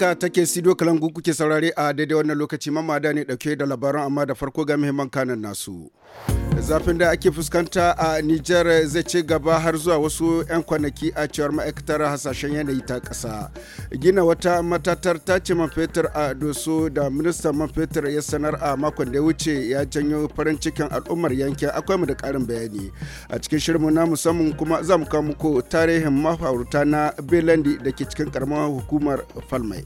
Haka take Sido Kalangu ke saurare a daidai wannan lokaci mamada ne dauke da labaran amma da farko ga muhimman kanan nasu. zafin da ake fuskanta a niger zai ce gaba har zuwa wasu 'yan kwanaki a cewar ma'aikatar hasashen yanayi ta kasa Gina wata matatar ta ce man fetur a Doso da ministan man fetur ya sanar a makon da ya wuce ya janyo farin cikin al'ummar yankin akwai mu da ƙarin bayani. A cikin shirinmu na musamman kuma za mu kawo muku tarihin mafaurta na Belandi da ke cikin karamar hukumar Falmai.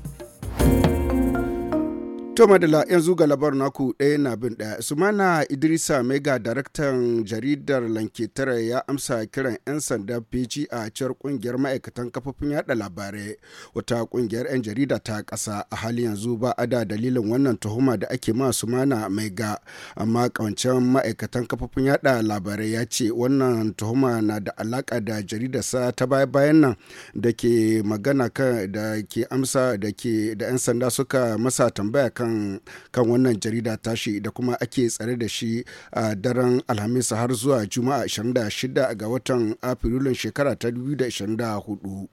To madala yanzu ga labarin naku ɗaya na bin ɗaya. Sumana Idrisa Mega daraktan jaridar Lanketare ya amsa kiran 'yan sanda PG a cewar kungiyar ma'aikatan kafofin yada labarai. Wata kungiyar 'yan jarida ta ƙasa a hali yanzu ba a da dalilin wannan tuhuma da ake ma Sumana Mega. Amma kawancen ma'aikatan kafofin yada labarai ya ce wannan tuhuma na da alaƙa da jaridarsa ta baya bayan nan da ke magana kan da ke amsa da ke da 'yan sanda suka masa tambaya kan kan kan wannan jarida tashi da kuma ake tsare da shi a daren alhamis har zuwa juma'a 26 ga watan afrilun shekara ta 2024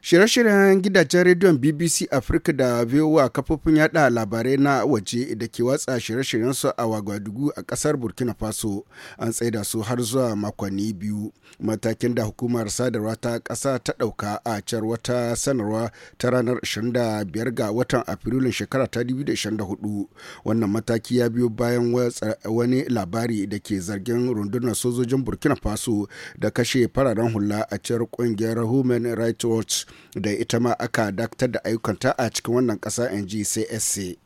Shirye-shiryen gidajen rediyon BBC Africa da VOA kafofin yada labarai na waje da ke watsa shirye su a Wagadugu a kasar Burkina Faso an tsaida su har zuwa makonni biyu. Matakin da hukumar sadarwa ta ƙasa ta ɗauka a car wata sanarwa ta ranar 25 ga watan Afrilun shekara ta 2024. Wannan mataki ya biyo bayan wani labari da ke zargin rundunar sojojin Burkina Faso da kashe fararen hula a car ƙungiyar Human Rights Watch da ita ma aka dakatar da ayyukanta a cikin wannan ƙasa in ji csc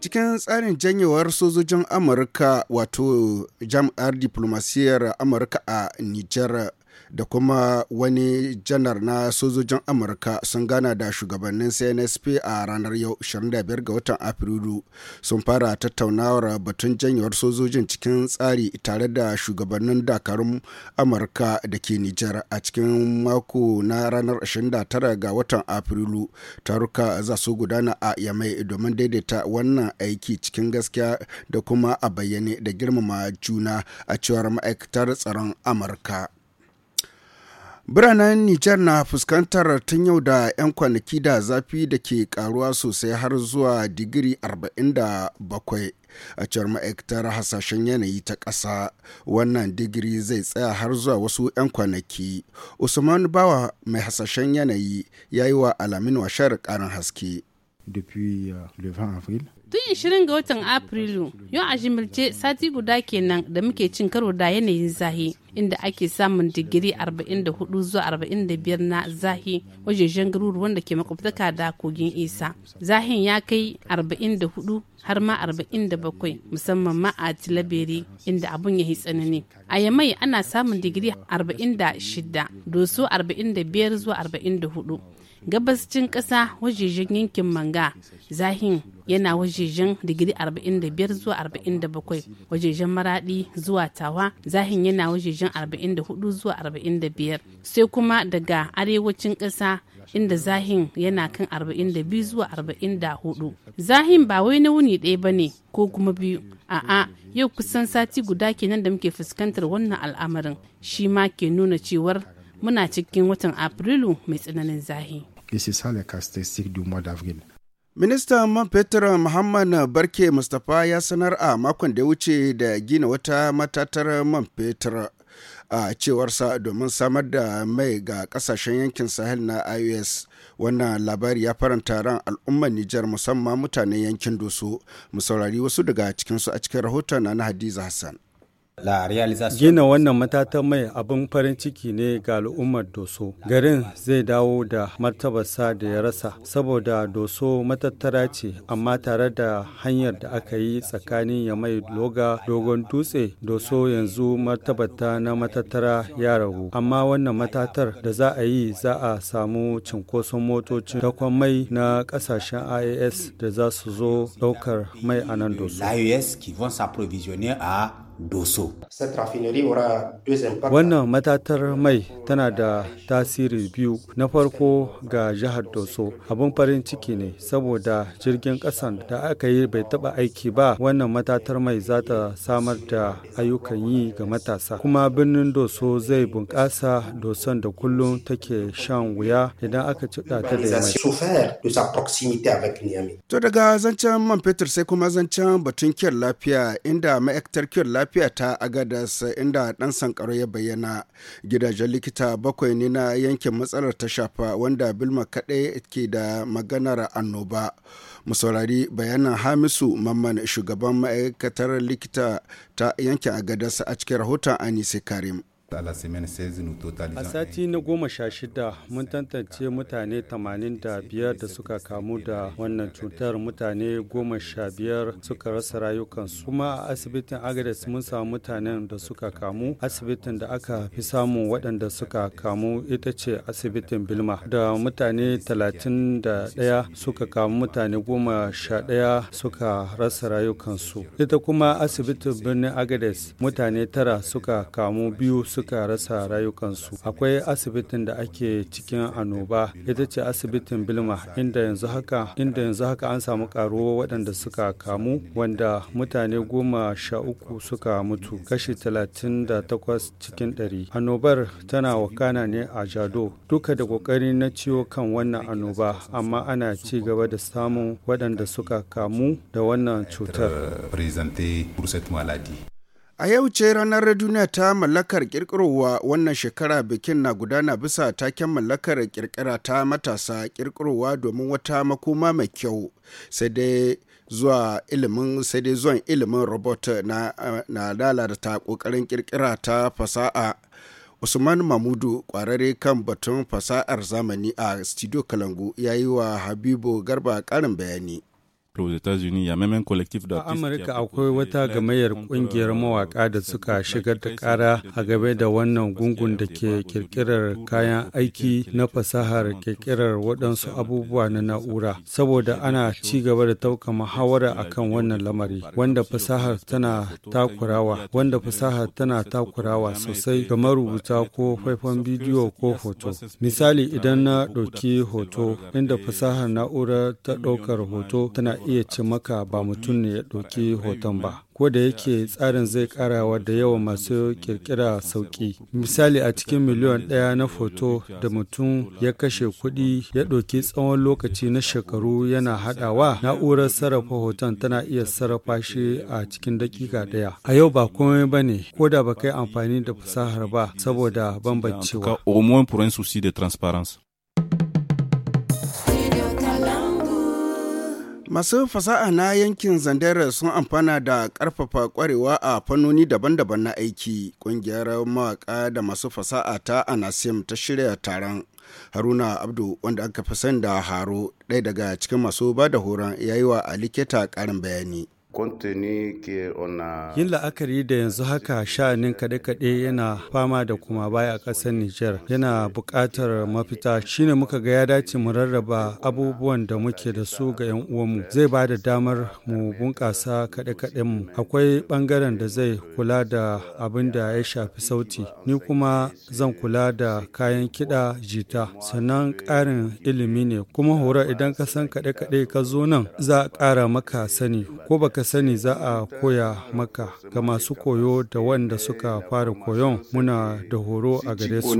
cikin tsarin janyewar sojojin amurka wato jam'ar diplomasiyyar amurka a nijar da kuma wani janar na sojojin amurka sun gana da shugabannin cnsp a ranar yau 25 ga watan afrilu sun fara tattaunawar batun janyewar sojojin cikin tsari tare da shugabannin dakarun amurka da ke nijar a cikin mako na ranar 29 ga watan afrilu taruka za su gudana a yamai domin daidaita wannan aiki cikin gaskiya da kuma a bayyane da girmama juna a cewar ma'aikatar tsaron amurka Biranen Nijar na fuskantar tun yau da 'yan kwanaki da zafi da ke karuwa sosai har zuwa digiri 47 a cewar ma'aikatar hasashen yanayi ta ƙasa. Wannan digiri zai tsaya har zuwa wasu 'yan kwanaki. Usman Bawa mai hasashen yanayi ya yi wa alamin washar ƙarin haske. Euh, Tun 20 ga watan Afrilu, yau a jimirce sati guda kenan da muke cin karo da yanayin zahi. inda ake samun digiri 44 zuwa 45 na zahi wajejen garuru wanda ke makwabtaka da kogin isa zahin ya kai 44 har ma 47 musamman ma a tilaberi inda abun ya yi tsanani a yamai ana samun digiri 46 doso 45 zuwa 44 cin ƙasa wajejen yankin manga zahin yana wajejen digiri 45 zuwa 47 wajejen maradi zuwa tawa zahin yana wajejen 44 zuwa 45 sai kuma daga arewacin ƙasa inda zahin yana kan 42 zuwa 44 zahin ba wai na wuni ɗaya ba ne ko kuma biyu a'a yau kusan sati guda kenan da muke fuskantar wannan al'amarin shi ma ke nuna cewar muna cikin watan afrilu mai tsananin zahi. Et du mois d'avril. Minista man fetur Muhammad Barke Mustapha ya sanar a makon da ya wuce da gina wata matatar man fetur a cewarsa domin samar da mai ga kasashen yankin Sahel na IOS. Wannan labari ya faranta ran al'ummar Nijar musamman mutanen yankin Doso. Mu saurari wasu daga cikinsu a cikin rahoton na Hadiza Hassan. Gina wannan matatan mai abin farin ciki ne ga al'ummar Doso. Garin zai dawo da martabarsa da ya rasa, saboda Doso matattara ce, amma tare da hanyar da aka yi tsakanin ya mai loga dogon dutse Doso yanzu martabarta na matattara ya ragu. Amma wannan matatar da za a yi za a samu cinkoson motocin dakon mai na kasashen IAS da za su zo daukar mai a nan Doso. doso. Wannan matatar mai tana da tasiri biyu na farko ga jihar doso abin farin ciki ne saboda jirgin kasan da aka yi bai taɓa aiki ba wannan matatar mai za ta samar da ayyukan yi ga matasa kuma birnin doso zai bunƙasa doson da kullum take shan wuya idan aka ci ta da mai. To daga zancen man fetur sai kuma zancen batun kyan lafiya inda ma'aikatar kyan lafiya lafiya ta agadas inda dan sankaro ya bayyana gidajen likita bakwai ne na yankin matsalar ta shafa wanda bilma kaɗai ke da maganar annoba mu saurari bayanan hamisu mamman shugaban ma'aikatar likita ta yankin agadas a cikin rahoton anise karim A sati na goma sha shida mun tantance mutane 85 da suka kamu da wannan cutar mutane goma sha biyar suka rasa rayukansu kuma a asibitin agades mun samu mutanen da suka kamu asibitin da aka fi samu waɗanda suka kamu ita ce asibitin bilma da mutane 31 suka kamu mutane goma sha ɗaya suka rasa rayukansu ita kuma asibitin birnin agadis mutane tara suka kamu biyu suka suka rasa rayukansu akwai asibitin da ake cikin annoba ita ce asibitin bilma inda yanzu haka inda yanzu haka an samu karuwa waɗanda suka kamu wanda mutane goma sha uku suka mutu kashi talatin da takwas cikin ɗari annobar tana wakana ne a jado duka da ƙoƙari na ciwo kan wannan annoba amma ana ci gaba da samun waɗanda suka kamu da wannan cutar. A yau ce ranar duniya ta mallakar kirkirowa wannan shekara bikin na gudana bisa taken mallakar kirkira ta matasa kirkirowa domin wata makoma mai kyau sai dai zuwa ilimin sai dai zuwan ilimin robot na, na lalata kokarin kirkira ta fasa'a. Usman Mamudu kwararre kan batun fasa'ar zamani a Studio Kalangu ya yi wa Habibu Garba ƙarin bayani. États-Unis, il y a même un collectif akwai wata gamayyar kungiyar mawaka da suka shigar da kara a game da wannan gungun da ke kirkirar kayan aiki na fasahar kirkirar waɗansu abubuwa na na'ura saboda ana ci gaba da tauka muhawara akan wannan lamari wanda fasahar tana takurawa wanda fasahar tana takurawa sosai ga marubuta ko faifan bidiyo ko hoto. Misali idan na ɗauki hoto inda fasahar na'ura ta ɗaukar hoto tana iya ce maka ba mutum ne ya ɗauki hoton ba ko da yake tsarin zai karawa da yawa masu kirkira sauƙi misali a cikin miliyon ɗaya na foto da mutum ya kashe kuɗi ya ɗauki tsawon lokaci na shekaru yana haɗawa na'urar sarrafa hoton tana iya sarrafa shi a cikin dakika ɗaya a yau ba komai ba ne ko da ba kai amfani da fasahar ba saboda bambancewa Masu fasaha na yankin Zandera sun amfana da karfafa kwarewa a fannoni daban-daban na aiki. Ƙungiyar mawaƙa da masu fasaha ta Anasim ta shirya taron. Haruna Abdu wanda aka fi sani da Haro, ɗaya daga cikin masu ba da horon yayi wa Aliketa ƙarin bayani. Yin la'akari da yanzu haka sha'anin kaɗe-kaɗe yana fama da kuma baya a ƙasar Nijar yana buƙatar mafita shine muka ga ya dace mu rarraba abubuwan da muke da su ga 'yan uwanmu zai ba da damar mu bunƙasa kaɗe-kaɗen mu akwai ɓangaren da zai kula da abin da ya shafi sauti ni kuma zan kula da kayan kiɗa jita sannan ƙarin ilimi ne kuma horo idan ka san kaɗe-kaɗe ka zo nan za a ƙara maka sani ko baka ka sani za a koya maka ga masu koyo da wanda suka fara koyon muna da horo a gare su.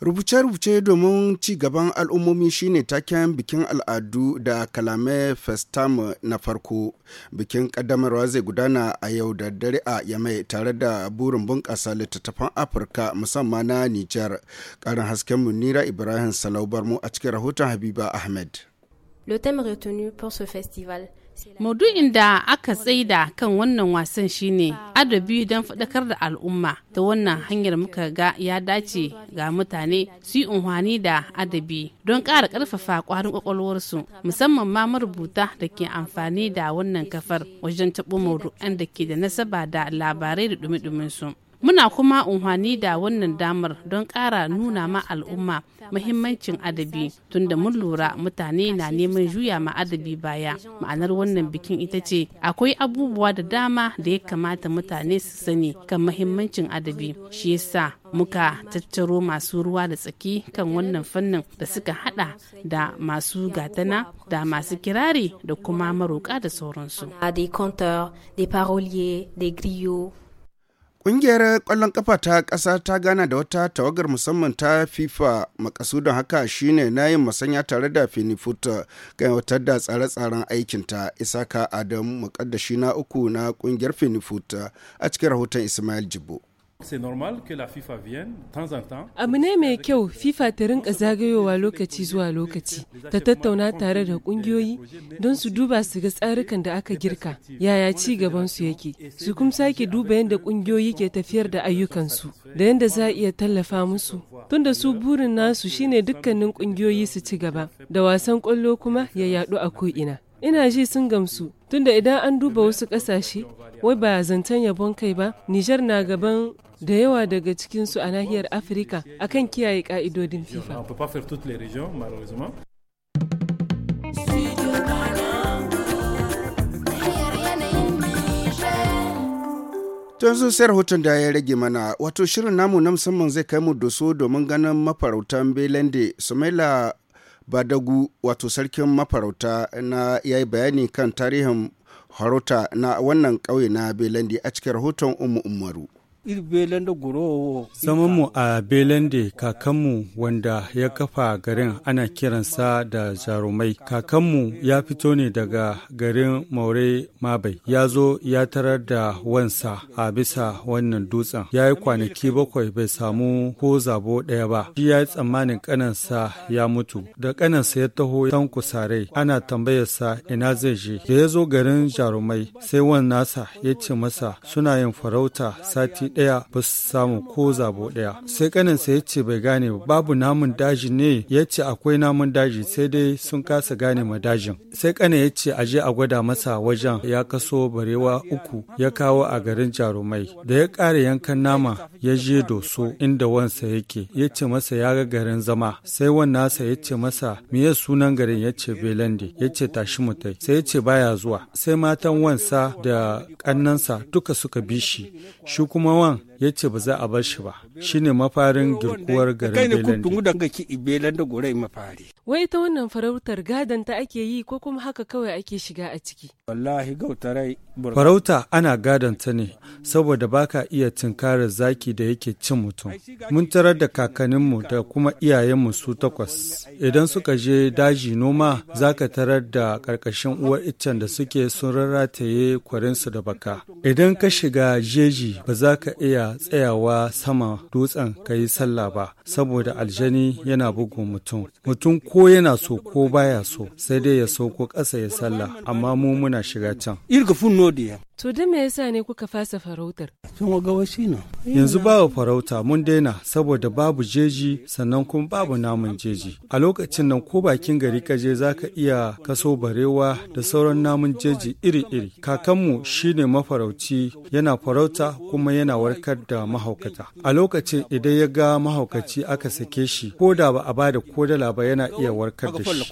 Rubuce-rubuce domin ci gaban al'ummomi shine taken bikin al'adu da kalame festam na farko. Bikin ƙaddamarwa zai gudana a yau da dare a Yamai tare da burin bunƙasa littattafan Afirka musamman na Nijar. Ƙarin hasken Munira Ibrahim Salau mu a cikin rahoton Habiba Ahmed. Le thème retenu pour ce festival Maudu'in da aka tsaida kan wannan wasan shine adabi don faɗakar da al'umma ta wannan hanyar muka ga ya dace ga mutane su yi unhwani da adabi don ƙara ƙarfafa ƙwarin ƙwaƙwalwarsu musamman ma marubuta da ke amfani da wannan kafar wajen taɓo maudu'an da ke da nasaba da labarai da ɗumi-ɗuminsu. Muna kuma unhwani da wannan damar don ƙara nuna ma al'umma muhimmancin adabi tunda mun lura mutane na neman juya ma adabi baya. Ma'anar wannan bikin ita ce akwai abubuwa da dama da ya kamata mutane su sani kan muhimmancin adabi. Shi yasa muka tattaro masu ruwa da tsaki kan wannan fannin da suka hada da masu gatana da masu kirari da kuma maroka da sauransu. Ƙungiyar ƙwallon ƙafa ta ƙasa ta gana da wata tawagar musamman ta FIFA makasudin haka shine na yin masanya tare da Finifoot gaiwatar da tsare-tsaren aikinta Isaka Adam mukaddashi na uku na ƙungiyar Finifoot a cikin rahoton Ismail Jibo. Abu ne mai kyau FIFA ta rinka zagayowa lokaci zuwa lokaci, ta tattauna tare da kungiyoyi don su duba su ga tsarukan da aka girka, yaya ci su yake, su kuma sake duba yadda kungiyoyi ke tafiyar da ayyukansu, da yadda za a iya tallafa musu. Tunda su burin nasu shine dukkanin kungiyoyi su ci gaba, da wasan kwallo kuma ya yadu a ko'ina. Ina ji sun gamsu, tunda idan an duba wasu ƙasashe, wai ba zancen yabon kai ba, Nijar na gaban da yawa daga cikinsu a nahiyar afirka akan kiyaye ka'idodin fifa tun sun sayar hoton da ya rage mana wato shirin namu na musamman zai kai mu doso domin ganin mafarautan belende sumaila badagu wato sarkin mafarauta na ya yi bayani kan tarihin harota na wannan ƙauye na belende a cikin rahoton umu umaru. Zamanmu a Belende kakanmu wanda ya kafa garin ana kiransa da jarumai. Kakanmu ya fito ne daga garin Maure Mabai. Ya zo ya tarar da wansa a bisa wannan dutsen. Ya yi kwanaki bakwai bai samu ko zabo ɗaya ba. Shi ya yi tsammanin ƙaninsa ya mutu. Da ƙaninsa ya taho ya kusarai ana tambayarsa ina zai je. Da ya zo garin jarumai sai wan nasa ya ce masa suna yin farauta sati ɗaya ba su samu ko zabo ɗaya. Sai kaninsa ya ce bai gane ba babu namun daji ne ya ce akwai namun daji sai dai sun kasa gane ma dajin. Sai kanin ya ce aje a gwada masa wajen ya kaso barewa uku ya kawo a garin jarumai. Da ya kare yankan nama ya je doso inda wansa yake ya ce masa ya ga garin zama sai wannasa ya ce masa ya sunan garin ya ce belande ya ce tashi mutai sai ya ce baya zuwa sai matan wansa da ƙannansa duka suka bi shi shi kuma one. ya ce ba za a bar shi ba shine mafarin girkuwar garin mafari. Wai ita wannan farautar gadon ta ake yi ko kuma haka kawai ake shiga a ciki? Farauta ana gadon ta ne saboda baka iya tinkarar zaki da yake cin mutum. Mun tarar da kakanninmu da kuma iyayenmu su takwas. Idan suka je daji noma za ka tarar da karkashin uwar iccen da suke sun rarrataye kwarinsu da baka. Idan ka shiga jeji ba za ka iya tsayawa sama dutsen ka yi sallah ba saboda aljani yana bugun mutum mutum ko yana so ko baya so sai dai ya ko ƙasa ya sallah amma mu muna shiga can To da me yasa ne kuka fasa farautar? Tun ga wasi na. Yanzu babu farauta mun daina saboda babu jeji sannan kuma babu namun jeji. A lokacin nan ko bakin gari kaje zaka iya kaso barewa da sauran namun jeji iri-iri. Kakanmu shine mafarauci yana farauta kuma yana warkar da mahaukata a lokacin idan ya ga mahaukaci aka sake shi ko da ba a bada ko dala ba yana iya warkar da shi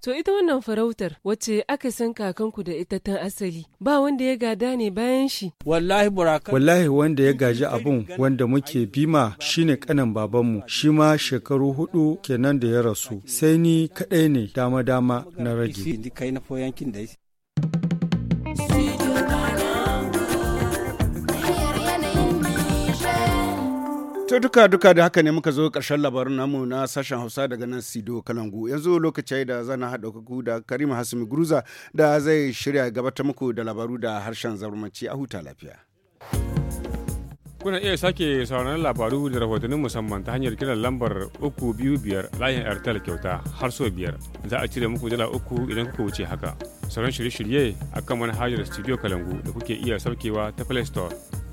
to ita wannan farautar wacce aka san kakanku da ita tun asali ba wanda ya gada ne bayan shi wallahi wanda ya gaji abun wanda muke bima shine kanan babanmu shi ma shekaru hudu kenan da ya rasu sai ni kadai ne dama dama na rage To duka duka da haka ne muka zo karshen labarin namu na sashen Hausa daga nan Sido Kalangu. Yanzu lokaci da zana haɗa kuku da Karima Hasimi Guruza da zai shirya gabatar muku da labaru da harshen zarmanci a huta lafiya. Kuna iya sake sauraron labaru da rahotannin musamman ta hanyar kiran lambar 325 layin Airtel kyauta har so biyar. Za a cire muku dala uku idan kuka wuce haka. Sauran shirye-shirye akan manhajar Studio Kalangu da kuke iya saukewa ta Play Store.